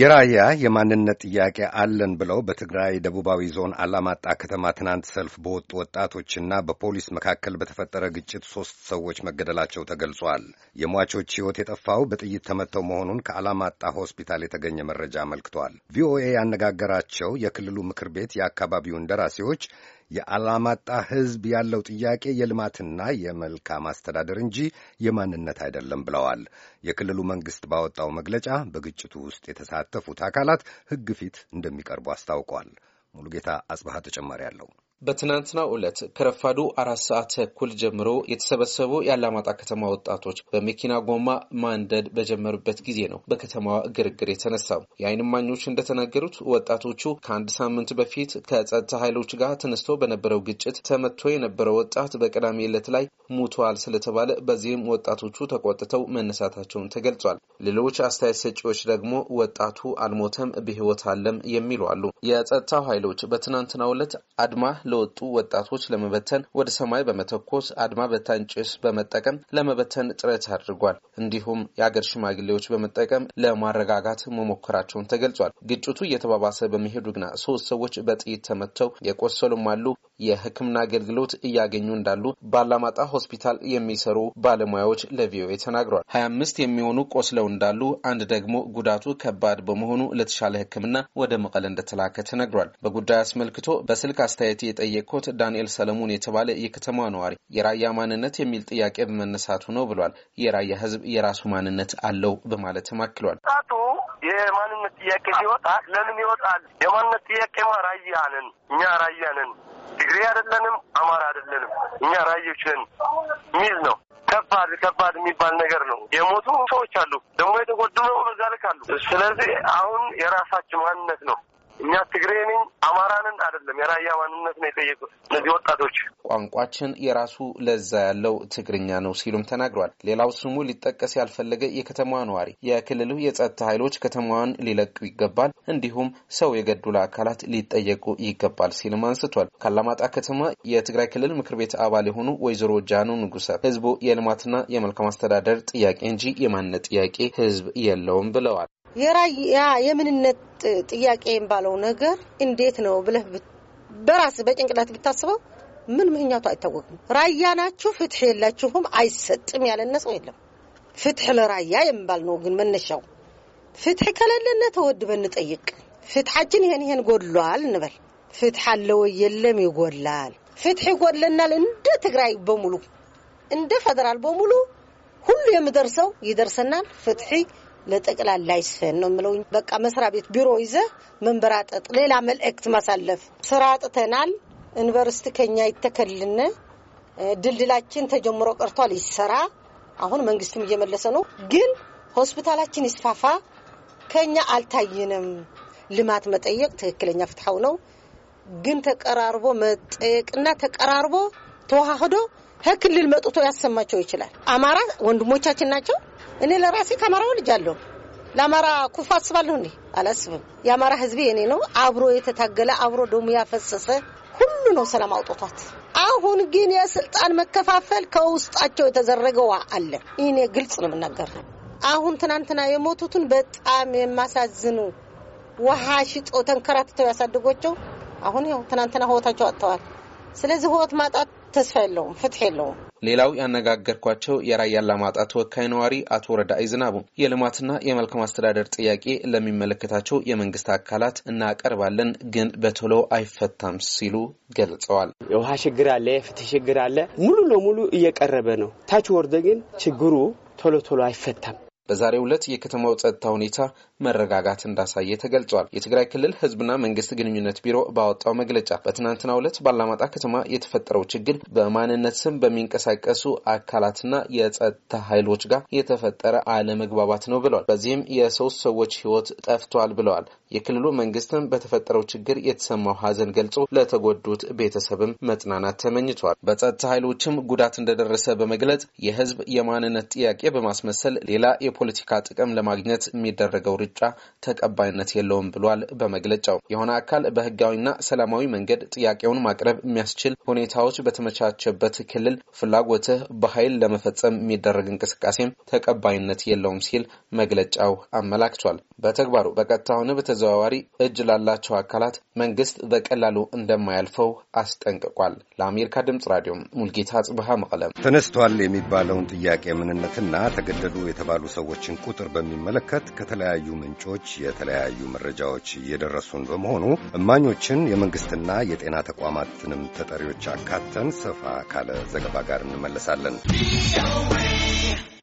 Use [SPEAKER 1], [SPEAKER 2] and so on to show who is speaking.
[SPEAKER 1] የራያ የማንነት ጥያቄ አለን ብለው በትግራይ ደቡባዊ ዞን አላማጣ ከተማ ትናንት ሰልፍ በወጡ ወጣቶችና በፖሊስ መካከል በተፈጠረ ግጭት ሦስት ሰዎች መገደላቸው ተገልጿል። የሟቾች ሕይወት የጠፋው በጥይት ተመተው መሆኑን ከአላማጣ ሆስፒታል የተገኘ መረጃ አመልክቷል። ቪኦኤ ያነጋገራቸው የክልሉ ምክር ቤት የአካባቢውን ደራሲዎች የአላማጣ ሕዝብ ያለው ጥያቄ የልማትና የመልካም አስተዳደር እንጂ የማንነት አይደለም ብለዋል። የክልሉ መንግሥት ባወጣው መግለጫ በግጭቱ ውስጥ የተሳተፉት አካላት ሕግ ፊት እንደሚቀርቡ አስታውቋል። ሙሉጌታ አጽባሃ ተጨማሪ አለው።
[SPEAKER 2] በትናንትናው ዕለት ከረፋዱ አራት ሰዓት ተኩል ጀምሮ የተሰበሰቡ የአላማጣ ከተማ ወጣቶች በመኪና ጎማ ማንደድ በጀመሩበት ጊዜ ነው በከተማዋ ግርግር የተነሳው። የዓይን እማኞች እንደተናገሩት ወጣቶቹ ከአንድ ሳምንት በፊት ከጸጥታ ኃይሎች ጋር ተነስቶ በነበረው ግጭት ተመቶ የነበረው ወጣት በቅዳሜ ዕለት ላይ ሙቷል ስለተባለ በዚህም ወጣቶቹ ተቆጥተው መነሳታቸውን ተገልጿል። ሌሎች አስተያየት ሰጪዎች ደግሞ ወጣቱ አልሞተም በሕይወት አለም የሚሉ አሉ። የጸጥታው ኃይሎች በትናንትናው ዕለት አድማ ለወጡ ወጣቶች ለመበተን ወደ ሰማይ በመተኮስ አድማ በታኝ ጭስ በመጠቀም ለመበተን ጥረት አድርጓል። እንዲሁም የአገር ሽማግሌዎች በመጠቀም ለማረጋጋት መሞከራቸውን ተገልጿል። ግጭቱ እየተባባሰ በመሄዱ ግና ሶስት ሰዎች በጥይት ተመተው የቆሰሉም አሉ። የሕክምና አገልግሎት እያገኙ እንዳሉ ባላማጣ ሆስፒታል የሚሰሩ ባለሙያዎች ለቪኦኤ ተናግሯል። ሀያ አምስት የሚሆኑ ቆስለው እንዳሉ፣ አንድ ደግሞ ጉዳቱ ከባድ በመሆኑ ለተሻለ ሕክምና ወደ መቀለ እንደተላ እንደተላከ ተነግሯል። በጉዳይ አስመልክቶ በስልክ አስተያየት የጠየቅኩት ዳንኤል ሰለሞን የተባለ የከተማ ነዋሪ የራያ ማንነት የሚል ጥያቄ በመነሳቱ ነው ብሏል። የራያ ህዝብ የራሱ ማንነት አለው በማለትም አክሏል። የማንነት ጥያቄ ሲወጣ ለምን ይወጣል?
[SPEAKER 1] የማንነት ጥያቄማ ራያ ነን እኛ ራያ ነን። ትግሬ አይደለንም፣ አማራ አይደለንም። እኛ ራዮች ነን ሚል ነው። ከባድ ከባድ የሚባል ነገር ነው። የሞቱ ሰዎች አሉ፣ ደግሞ የተጎዱ መዛልክ አሉ። ስለዚህ አሁን የራሳችን ማንነት ነው እኛ ትግሬ ነኝ አማራንን አይደለም የራያ ማንነት ነው የጠየቁት እነዚህ ወጣቶች።
[SPEAKER 2] ቋንቋችን የራሱ ለዛ ያለው ትግርኛ ነው ሲሉም ተናግሯል። ሌላው ስሙ ሊጠቀስ ያልፈለገ የከተማዋ ነዋሪ የክልሉ የጸጥታ ኃይሎች ከተማዋን ሊለቁ ይገባል፣ እንዲሁም ሰው የገደሉ አካላት ሊጠየቁ ይገባል ሲልም አንስቷል። ካላማጣ ከተማ የትግራይ ክልል ምክር ቤት አባል የሆኑ ወይዘሮ ጃኑ ንጉሰ ህዝቡ የልማትና የመልካም አስተዳደር ጥያቄ እንጂ የማንነት ጥያቄ ህዝብ የለውም ብለዋል።
[SPEAKER 3] የራያ የምንነት ጥያቄ የሚባለው ነገር እንዴት ነው ብለህ በራስ በጭንቅላት ብታስበው ምን ምክንያቱ አይታወቅም። ራያ ናችሁ፣ ፍትሕ የላችሁም፣ አይሰጥም ያለነ ሰው የለም። ፍትሕ ለራያ የሚባል ነው ግን መነሻው ፍትሕ ከሌለነ ተወድበን እንጠይቅ። ፍትሓችን ይሄን ይሄን ጎድሏል እንበል። ፍትሕ አለወ የለም ይጎላል። ፍትሕ ይጎድለናል። እንደ ትግራይ በሙሉ እንደ ፌደራል በሙሉ ሁሉ የምደርሰው ይደርሰናል ፍትሕ ለጠቅላላ ይስፈን ነው የምለው። በቃ መስሪያ ቤት ቢሮ ይዘ መንበራጠጥ፣ ሌላ መልእክት ማሳለፍ። ስራ አጥተናል፣ ዩኒቨርስቲ ከኛ ይተከልን፣ ድልድላችን ተጀምሮ ቀርቷል፣ ይሰራ። አሁን መንግስትም እየመለሰ ነው፣ ግን ሆስፒታላችን ይስፋፋ፣ ከኛ አልታይንም። ልማት መጠየቅ ትክክለኛ ፍትሐው ነው፣ ግን ተቀራርቦ መጠየቅና ተቀራርቦ ተዋህዶ ከክልል መጥቶ ያሰማቸው ይችላል። አማራ ወንድሞቻችን ናቸው። እኔ ለራሴ ከአማራው ልጅ አለሁ። ለአማራ ኩፍ አስባለሁ እንዴ? አላስብም። የአማራ ህዝብ እኔ ነው። አብሮ የተታገለ አብሮ ደሙ ያፈሰሰ ሁሉ ነው ሰላም አውጥቷት። አሁን ግን የስልጣን መከፋፈል ከውስጣቸው የተዘረገዋ አለ። እኔ ግልጽ ነው የምናገር። አሁን ትናንትና የሞቱትን በጣም የማሳዝኑ ውሃ ሽጦ ተንከራትተው ያሳድጓቸው አሁን ያው ትናንትና ህይወታቸው አጥተዋል። ስለዚህ ህይወት ማጣት ተስፋ የለውም፣ ፍትህ የለውም።
[SPEAKER 2] ሌላው ያነጋገርኳቸው የራያ አላማጣ ተወካይ ነዋሪ አቶ ረዳኢ ዝናቡ የልማትና የመልካም አስተዳደር ጥያቄ ለሚመለከታቸው የመንግስት አካላት እናቀርባለን፣ ግን በቶሎ አይፈታም ሲሉ ገልጸዋል። የውሃ ችግር አለ፣ የፍትህ ችግር አለ። ሙሉ ለሙሉ እየቀረበ ነው። ታች ወርደ ግን ችግሩ ቶሎ ቶሎ አይፈታም። በዛሬው ዕለት የከተማው ጸጥታ ሁኔታ መረጋጋት እንዳሳየ ተገልጿል። የትግራይ ክልል ህዝብና መንግስት ግንኙነት ቢሮ ባወጣው መግለጫ በትናንትናው ዕለት ባላማጣ ከተማ የተፈጠረው ችግር በማንነት ስም በሚንቀሳቀሱ አካላትና የጸጥታ ኃይሎች ጋር የተፈጠረ አለመግባባት ነው ብለዋል። በዚህም የሶስት ሰዎች ሕይወት ጠፍቷል ብለዋል። የክልሉ መንግስትም በተፈጠረው ችግር የተሰማው ሀዘን ገልጾ ለተጎዱት ቤተሰብም መጽናናት ተመኝቷል። በጸጥታ ኃይሎችም ጉዳት እንደደረሰ በመግለጽ የህዝብ የማንነት ጥያቄ በማስመሰል ሌላ የፖለቲካ ጥቅም ለማግኘት የሚደረገው ርጫ ተቀባይነት የለውም ብሏል በመግለጫው። የሆነ አካል በህጋዊና ሰላማዊ መንገድ ጥያቄውን ማቅረብ የሚያስችል ሁኔታዎች በተመቻቸበት ክልል ፍላጎትህ በኃይል ለመፈጸም የሚደረግ እንቅስቃሴም ተቀባይነት የለውም ሲል መግለጫው አመላክቷል። በተግባሩ በቀጥታ ሆነ በተዘዋዋሪ እጅ ላላቸው አካላት መንግስት በቀላሉ እንደማያልፈው አስጠንቅቋል። ለአሜሪካ ድምጽ ራዲዮም ሙልጌታ ጽብሃ መቀለም
[SPEAKER 1] ተነስቷል የሚባለውን ጥያቄ ምንነትና ተገደዱ የተባሉ ሰዎችን ቁጥር በሚመለከት ከተለያዩ ምንጮች የተለያዩ መረጃዎች እየደረሱን በመሆኑ እማኞችን የመንግሥትና የጤና ተቋማትንም
[SPEAKER 3] ተጠሪዎች አካተን ሰፋ ካለ ዘገባ ጋር እንመለሳለን።